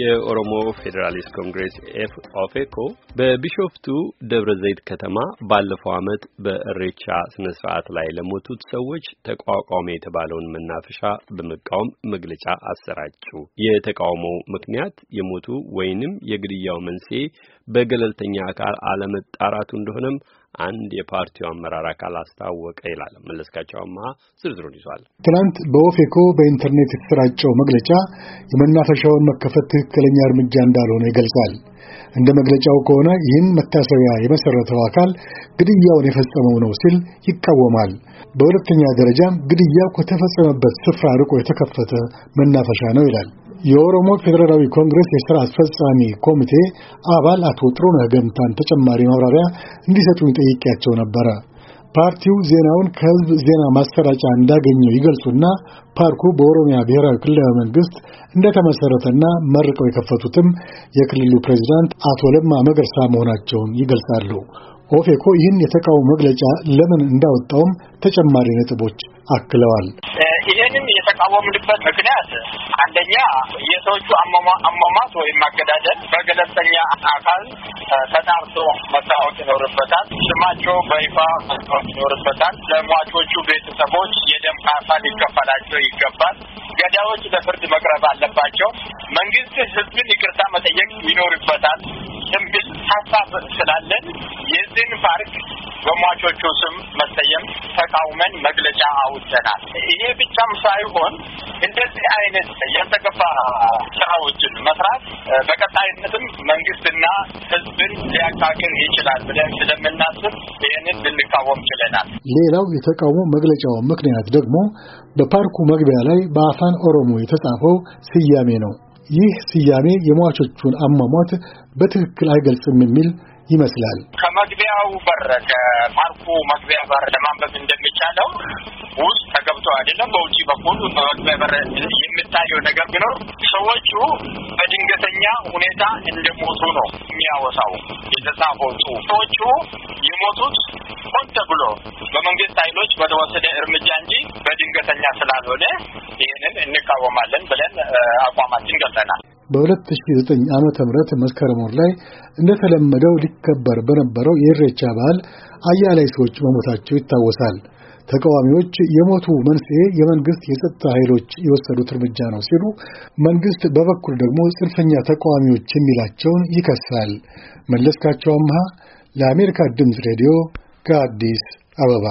የኦሮሞ ፌዴራሊስት ኮንግሬስ ኤፍ ኦፌኮ በቢሾፍቱ ደብረ ዘይት ከተማ ባለፈው ዓመት በእሬቻ ስነ ስርዓት ላይ ለሞቱት ሰዎች ተቋቋመ የተባለውን መናፈሻ በመቃወም መግለጫ አሰራጩ። የተቃውሞው ምክንያት የሞቱ ወይንም የግድያው መንስኤ በገለልተኛ አካል አለመጣራቱ እንደሆነም አንድ የፓርቲው አመራር አካል አስታወቀ ይላል። መለስካቸው ዝርዝሩን ይዟል። ትናንት በኦፌኮ በኢንተርኔት የተሰራጨው መግለጫ የመናፈሻውን መከፈት ትክክለኛ እርምጃ እንዳልሆነ ይገልጻል። እንደ መግለጫው ከሆነ ይህን መታሰቢያ የመሰረተው አካል ግድያውን የፈጸመው ነው ሲል ይቃወማል። በሁለተኛ ደረጃም ግድያው ከተፈጸመበት ስፍራ ርቆ የተከፈተ መናፈሻ ነው ይላል። የኦሮሞ ፌዴራላዊ ኮንግረስ የሥራ አስፈጻሚ ኮሚቴ አባል አቶ ጥሩነህ ገምታን ተጨማሪ ማብራሪያ እንዲሰጡኝ ጠይቄያቸው ነበረ። ፓርቲው ዜናውን ከሕዝብ ዜና ማሰራጫ እንዳገኘው ይገልጹና ፓርኩ በኦሮሚያ ብሔራዊ ክልላዊ መንግስት እንደተመሠረተና መርቀው የከፈቱትም የክልሉ ፕሬዚዳንት አቶ ለማ መገርሳ መሆናቸውን ይገልጻሉ። ኦፌኮ ይህን የተቃውሞ መግለጫ ለምን እንዳወጣውም ተጨማሪ ነጥቦች አክለዋል። ይሄንም የተቃወምንበት ምክንያት አንደኛ የሰዎቹ አሟሟት ወይም አገዳደል በገለልተኛ አካል ተጣርቶ መታወቅ ይኖርበታል። ስማቸው በይፋ መታወቅ ይኖርበታል። ለሟቾቹ ቤተሰቦች የደም ካሳ ሊከፈላቸው ይገባል። ገዳዮች ለፍርድ መቅረብ አለባቸው። መንግስት ህዝብን ይቅርታ መጠየቅ ይኖርበታል ስምግል ሀሳብ ስላለን የዚህን ፓርክ በሟቾቹ ስም መሰየም ተቃውመን መግለጫ አውጥተናል። ይሄ ብቻም ሳይሆን እንደዚህ አይነት ያልተገባ ስራዎችን መስራት በቀጣይነትም መንግስትና ህዝብን ሊያካክር ይችላል ብለን ስለምናስብ ይህንን ልንቃወም ችለናል። ሌላው የተቃውሞ መግለጫው ምክንያት ደግሞ በፓርኩ መግቢያ ላይ በአፋን ኦሮሞ የተጻፈው ስያሜ ነው። ይህ ስያሜ የሟቾቹን አሟሟት በትክክል አይገልጽም የሚል ይመስላል። ከመግቢያው በር ከፓርኩ መግቢያ በር ለማንበብ እንደሚቻለው ውስጥ ተገብቶ አይደለም፣ በውጭ በኩል በመግቢያ በር የሚታየው ነገር ቢኖር ሰዎቹ በድንገተኛ ሁኔታ እንደሞቱ ነው የሚያወሳው የተጻፈው ሰዎቹ የሞቱት ሆን ተብሎ በመንግስት ኃይሎች በተወሰደ እርምጃ እንጂ በድንገተኛ ስላልሆነ ይህንን እንቃወማለን ብለን አቋማችን ገልጸናል። በ2009 ዓ.ም መስከረም ወር ላይ እንደተለመደው ሊከበር በነበረው የኢሬቻ በዓል አያሌ ሰዎች መሞታቸው ይታወሳል። ተቃዋሚዎች የሞቱ መንስኤ የመንግስት የጸጥታ ኃይሎች የወሰዱት እርምጃ ነው ሲሉ፣ መንግስት በበኩል ደግሞ ጽንፈኛ ተቃዋሚዎች የሚላቸውን ይከሳል። መለስካቸው አምሃ ለአሜሪካ ድምፅ ሬዲዮ ከአዲስ አበባ